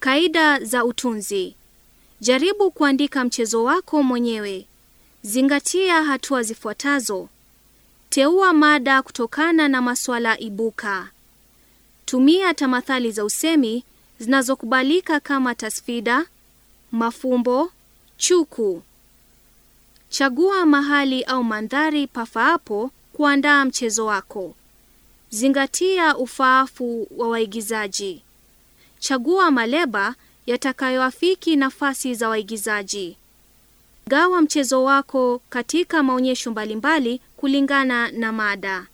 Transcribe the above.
Kaida za utunzi. Jaribu kuandika mchezo wako mwenyewe. Zingatia hatua zifuatazo. Teua mada kutokana na masuala ibuka. Tumia tamathali za usemi zinazokubalika kama tasfida, mafumbo, chuku. Chagua mahali au mandhari pafaapo kuandaa mchezo wako. Zingatia ufaafu wa waigizaji. Chagua maleba yatakayoafiki nafasi za waigizaji. Gawa mchezo wako katika maonyesho mbalimbali kulingana na mada.